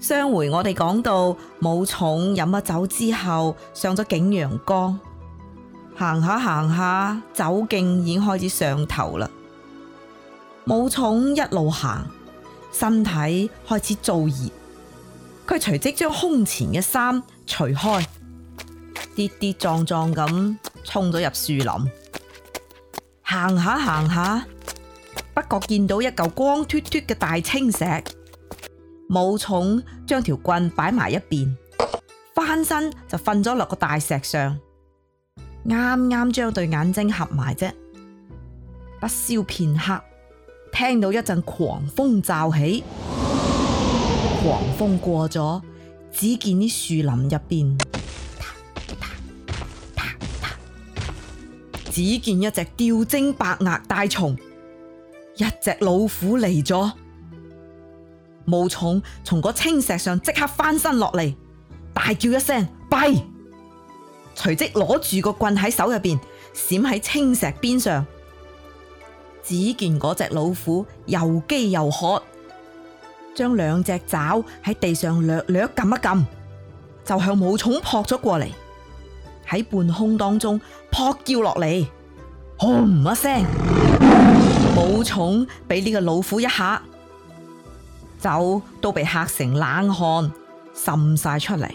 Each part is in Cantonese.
上回我哋講到武松飲咗酒之後上咗景陽岡，行下行下，酒勁已經開始上頭啦。武松一路行，身體開始燥熱，佢隨即將胸前嘅衫除開，跌跌撞撞咁沖咗入樹林，行下行下，不覺見到一嚿光脫脫嘅大青石。武松將條棍擺埋一邊，翻身就瞓咗落個大石上，啱啱將對眼睛合埋啫。不消片刻，聽到一陣狂風驟起，狂風過咗，只見啲樹林入邊，只見一隻吊睛白額大蟲，一隻老虎嚟咗。武松從嗰青石上即刻翻身落嚟，大叫一聲閉，隨即攞住個棍喺手入邊，閃喺青石邊上。只見嗰隻老虎又飢又渴，將兩隻爪喺地上略略撳一撳，就向武松撲咗過嚟，喺半空當中撲叫落嚟，轟一聲，武松俾呢個老虎一下。酒都被嚇成冷汗滲晒出嚟，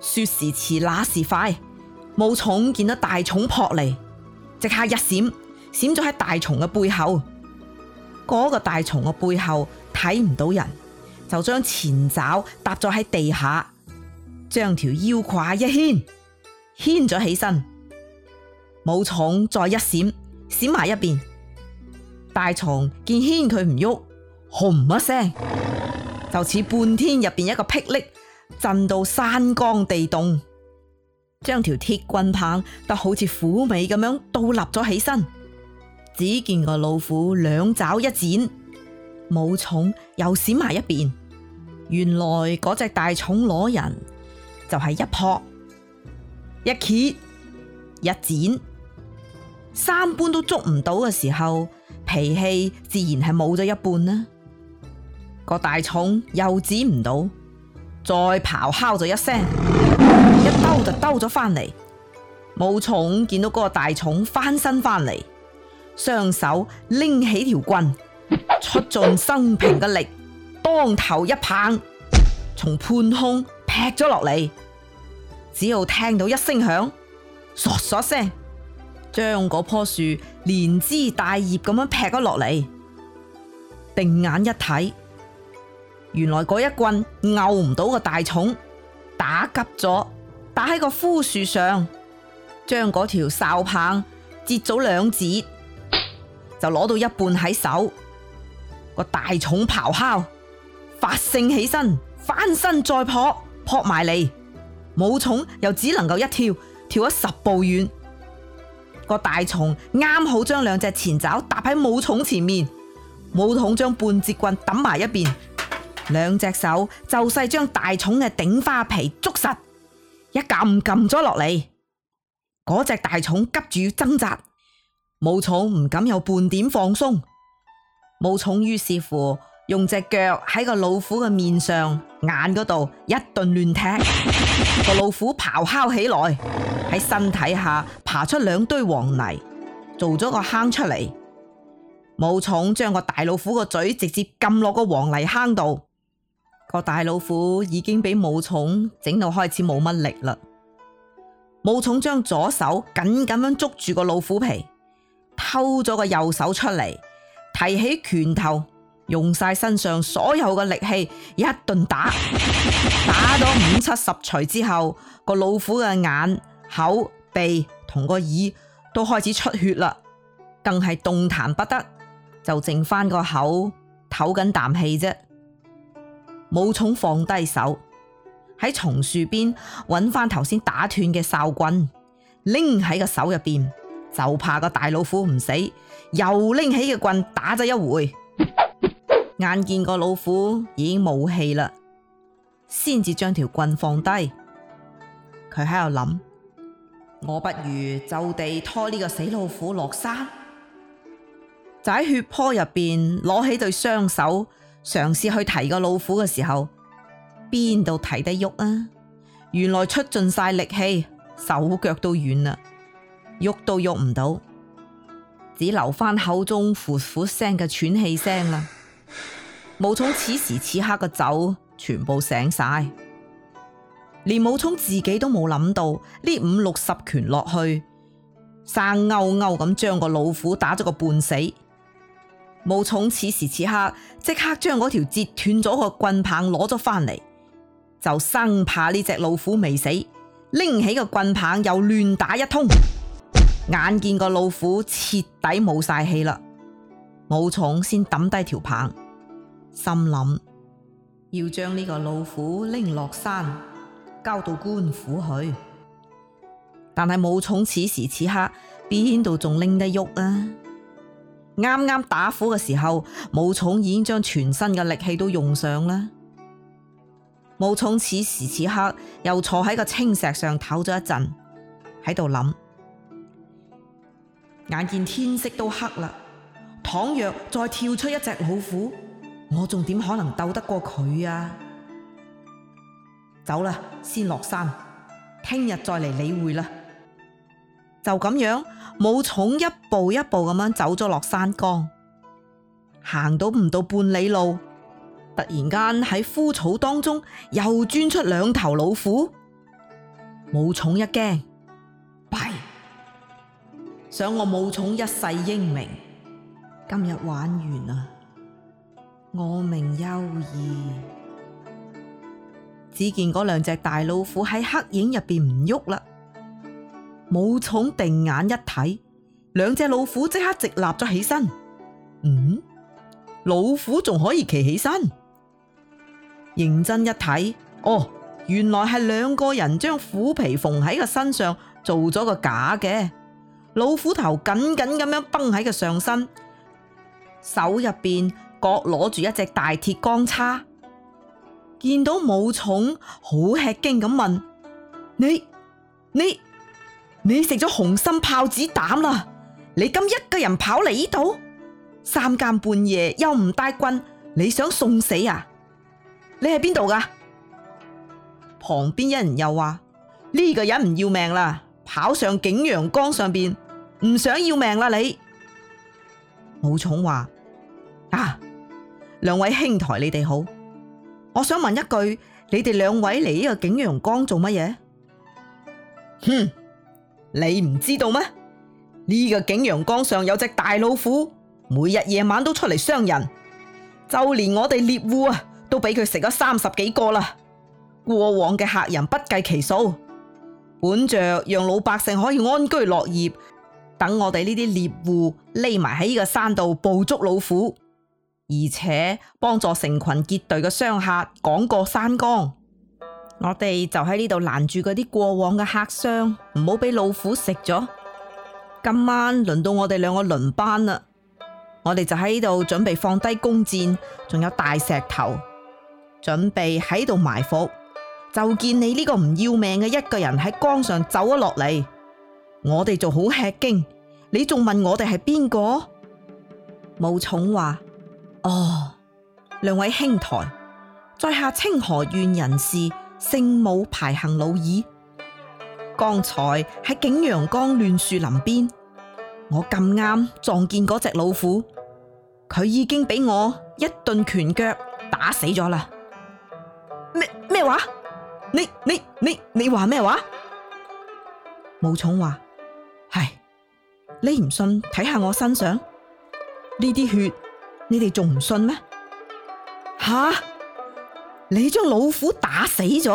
說時遲那時快，武松見到大蟲撲嚟，即刻一閃，閃咗喺大蟲嘅背後。嗰、那個大蟲嘅背後睇唔到人，就將前爪搭咗喺地下，將條腰胯一牽，牽咗起身。武松再一閃，閃埋一邊。大蟲見牽佢唔喐。轟一聲，就似半天入邊一個霹靂，震到山崗地動，將條鐵棍棒都好似虎尾咁樣倒立咗起身。只見個老虎兩爪一剪，武松又閃埋一邊。原來嗰隻大蟲攞人就係一撲一揭一,一剪，三般都捉唔到嘅時候，脾氣自然係冇咗一半啦。個大蟲又指唔到，再咆哮咗一聲，一兜就兜咗翻嚟。武松見到嗰個大蟲翻身翻嚟，雙手拎起條棍，出盡生平嘅力，當頭一棒，從半空劈咗落嚟，只要聽到一聲響，唰唰聲，將嗰棵樹連枝帶葉咁樣劈咗落嚟。定眼一睇。原來嗰一棍拗唔到個大蟲，打急咗打喺個枯樹上，將嗰條哨棒折咗兩截，就攞到一半喺手。個大蟲咆哮，發性起身翻身再撲撲埋嚟，武松又只能夠一跳跳咗十步遠，個大蟲啱好將兩隻前爪搭喺武松前面，武松將半截棍揼埋一邊。兩隻手就勢將大蟲嘅頂花皮捉實，一撳撳咗落嚟，嗰隻大蟲急住要掙扎，武松唔敢有半點放鬆。武松於是乎用隻腳喺個老虎嘅面上、眼嗰度一頓亂踢，個老虎咆哮起來，喺身體下爬出兩堆黃泥，做咗個坑出嚟。武松將個大老虎個嘴直接撳落個黃泥坑度。個大老虎已經俾武松整到開始冇乜力嘞。武松將左手緊緊咁捉住個老虎皮，偷咗個右手出嚟，提起拳頭，用晒身上所有嘅力氣一頓打，打咗五七十錘之後，個老虎嘅眼、口、鼻同個耳都開始出血啦，更係動彈不得，就剩翻個口唞緊啖氣啫。武松放低手，喺松樹邊揾翻頭先打斷嘅哨棍，拎喺個手入邊，就怕個大老虎唔死，又拎起個棍打咗一回。 眼見個老虎已經冇氣啦，先至將條棍放低。佢喺度諗，我不如就地拖呢個死老虎落山，就喺血泊入邊攞起對雙手。嘗試去提個老虎嘅時候，邊度提得喐啊？原來出盡晒力氣，手腳都軟啦，喐都喐唔到，只留翻口中噗噗聲嘅喘氣聲啦。武松此時此刻嘅酒全部醒晒，連武松自己都冇諗到呢五六十拳落去，生勾勾咁將個老虎打咗個半死。武松此時此刻即刻將嗰條截斷咗個棍棒攞咗翻嚟，就生怕呢隻老虎未死，拎起個棍棒又亂打一通。眼見個老虎徹底冇晒氣啦，武松先抌低條棒，心諗要將呢個老虎拎落山，交到官府去。但係武松此時此刻邊度仲拎得喐啊？啱啱打虎嘅時候，武松已經將全身嘅力氣都用上啦。武松此時此刻又坐喺個青石上唞咗一陣，喺度諗。眼見天色都黑啦，倘若再跳出一隻老虎，我仲點可能鬥得過佢啊？走啦，先落山，聽日再嚟理會啦。就咁樣，武松一步一步咁樣走咗落山崗，行到唔到半里路，突然間喺枯草當中又鑽出兩頭老虎。武松一驚，弊！想我武松一世英名，今日玩完啦，我命休矣！只見嗰兩隻大老虎喺黑影入邊唔喐啦。武松定眼一睇，兩隻老虎即刻直立咗起身。嗯，老虎仲可以企起身。認真一睇，哦，原來係兩個人將虎皮縫喺個身上做咗個假嘅老虎頭，緊緊咁樣繃喺個上身，手入邊各攞住一隻大鐵鋼叉。見到武松，好吃驚咁問：你你？你食咗紅心豹子膽啦！你咁一個人跑嚟呢度，三更半夜又唔帶棍，你想送死啊？你喺邊度噶？旁邊一人又話：呢、這個人唔要命啦，跑上景陽岡上邊，唔想要命啦你。武松話：啊，兩位兄台你哋好，我想問一句，你哋兩位嚟呢個景陽岡做乜嘢？哼！你唔知道咩？呢、呢個景陽崗上有隻大老虎，每日夜晚都出嚟傷人，就連我哋獵戶啊，都俾佢食咗三十幾個啦。過往嘅客人不計其數，本着讓老百姓可以安居樂業，等我哋呢啲獵戶匿埋喺呢個山度捕捉老虎，而且幫助成群結隊嘅商客趕過山崗我哋就喺呢度攔住嗰啲過往嘅客商，唔好俾老虎食咗。今晚輪到我哋兩個輪班啦，我哋就喺度準備放低弓箭，仲有大石頭，準備喺度埋伏。就見你呢個唔要命嘅一個人喺江上走咗落嚟，我哋就好吃驚。你仲問我哋係邊個？武松話：哦，兩位兄台，在下清河縣人士。姓武排行老二，剛才喺景陽岡亂樹林邊，我咁啱撞見嗰隻老虎，佢已經俾我一頓拳腳打死咗啦！咩咩話？你你你你話咩話？武松話：係你唔信，睇下我身上呢啲血，你哋仲唔信咩？吓！你將老虎打死咗？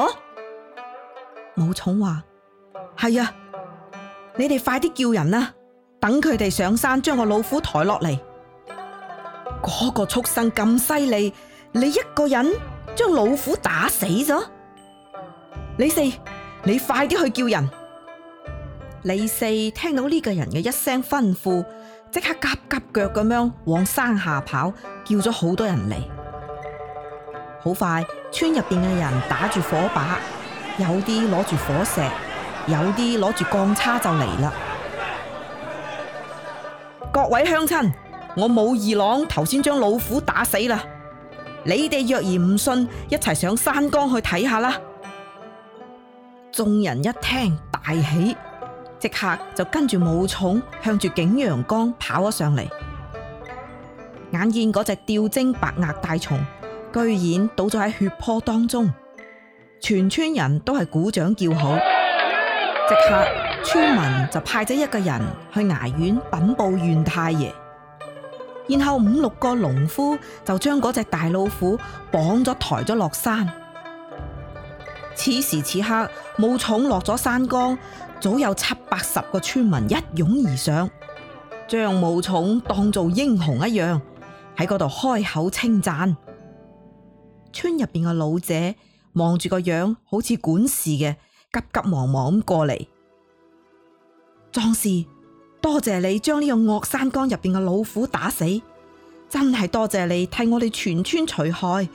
武松話：係啊，你哋快啲叫人啊，等佢哋上山將個老虎抬落嚟。嗰個畜生咁犀利，你一個人將老虎打死咗？李四，你快啲去叫人。李四聽到呢個人嘅一聲吩咐，即刻急急腳咁樣往山下跑，叫咗好多人嚟。好快，村入邊嘅人打住火把，有啲攞住火石，有啲攞住鋼叉就嚟啦。 各位鄉親，我武二郎頭先將老虎打死啦。你哋若然唔信，一齊上山崗去睇下啦。眾人一聽大喜，即刻就跟住武松向住景陽岡跑咗上嚟。眼見嗰隻吊睛白額大蟲。居然倒咗喺血泊當中，全村人都係鼓掌叫好。即刻，村民就派咗一個人去衙院禀報縣太爺，然後五六個農夫就將嗰隻大老虎綁咗抬咗落山。此時此刻，武松落咗山崗，早有七八十個村民一擁而上，將武松當作英雄一樣喺嗰度開口稱讚。村入邊嘅老者望住個樣，好似管事嘅，急急忙忙咁過嚟。壯士，多謝你將呢個惡山崗入邊嘅老虎打死，真係多謝你替我哋全村除害，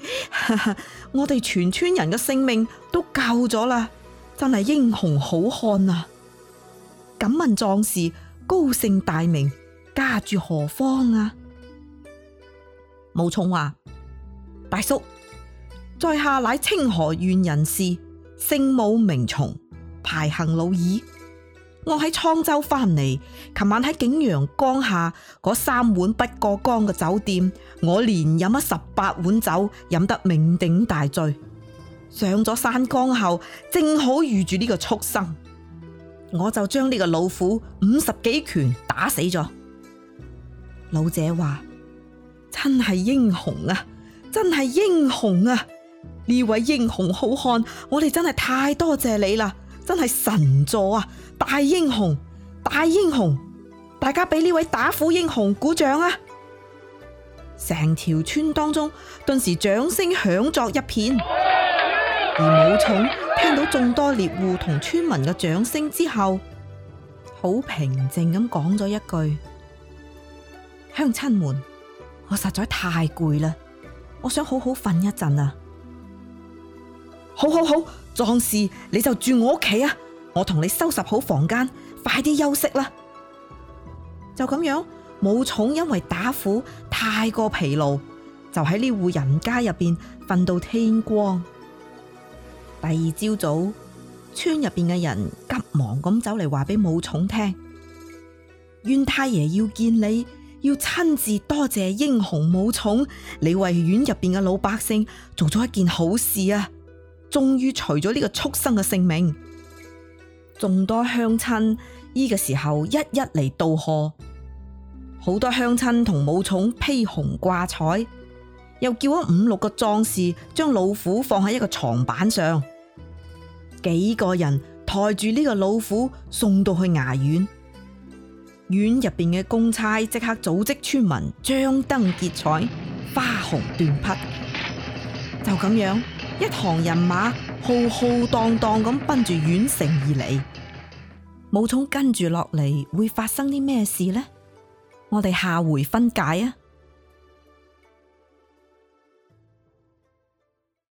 我哋全村人嘅性命都救咗啦，真係英雄好漢啊！敢問壯士高姓大名，家住何方啊？武松話：大叔。在下乃清河縣人士，姓武名松，排行老二。我喺滄州翻嚟，琴晚喺景陽岡下嗰三碗不過岡嘅酒店，我連飲咗十八碗酒，飲得酩酊大醉。上咗山岡後，正好遇住呢個畜生，我就將呢個老虎五十幾拳打死咗。老者話：真係英雄啊！真係英雄啊！呢位英雄好漢，我哋真係太多謝你啦！真係神助啊，大英雄，大英雄！大家俾呢位打虎英雄鼓掌啊！成條村當中，頓時掌聲響作一片。而武松聽到眾多獵戶同村民嘅掌聲之後，好平靜咁講咗一句：鄉親們，我實在太攰啦，我想好好瞓一陣啊！好好好，壯士你就住我屋企啊！我同你收拾好房間，快啲休息啦。就咁樣，武松因為打虎太過疲勞，就喺呢戶人家入邊瞓到天光。第二朝早，村入邊嘅人急忙咁走嚟話俾武松聽，縣太爺要見你，要親自多謝英雄武松，你為縣入邊嘅老百姓做咗一件好事啊！終於除咗呢個畜生嘅性命，眾多鄉親呢、呢個時候一一嚟道賀，好多鄉親同武松披紅掛彩，又叫咗五六個壯士將老虎放喺一個床板上，幾個人抬住呢個老虎送到去衙院，院入邊嘅公差即刻組織村民張燈結綵、花紅斷匹，就咁樣。一行人馬浩浩蕩蕩咁奔住縣城而嚟，武松跟住落嚟，會發生啲咩事呢？我哋下回分解啊！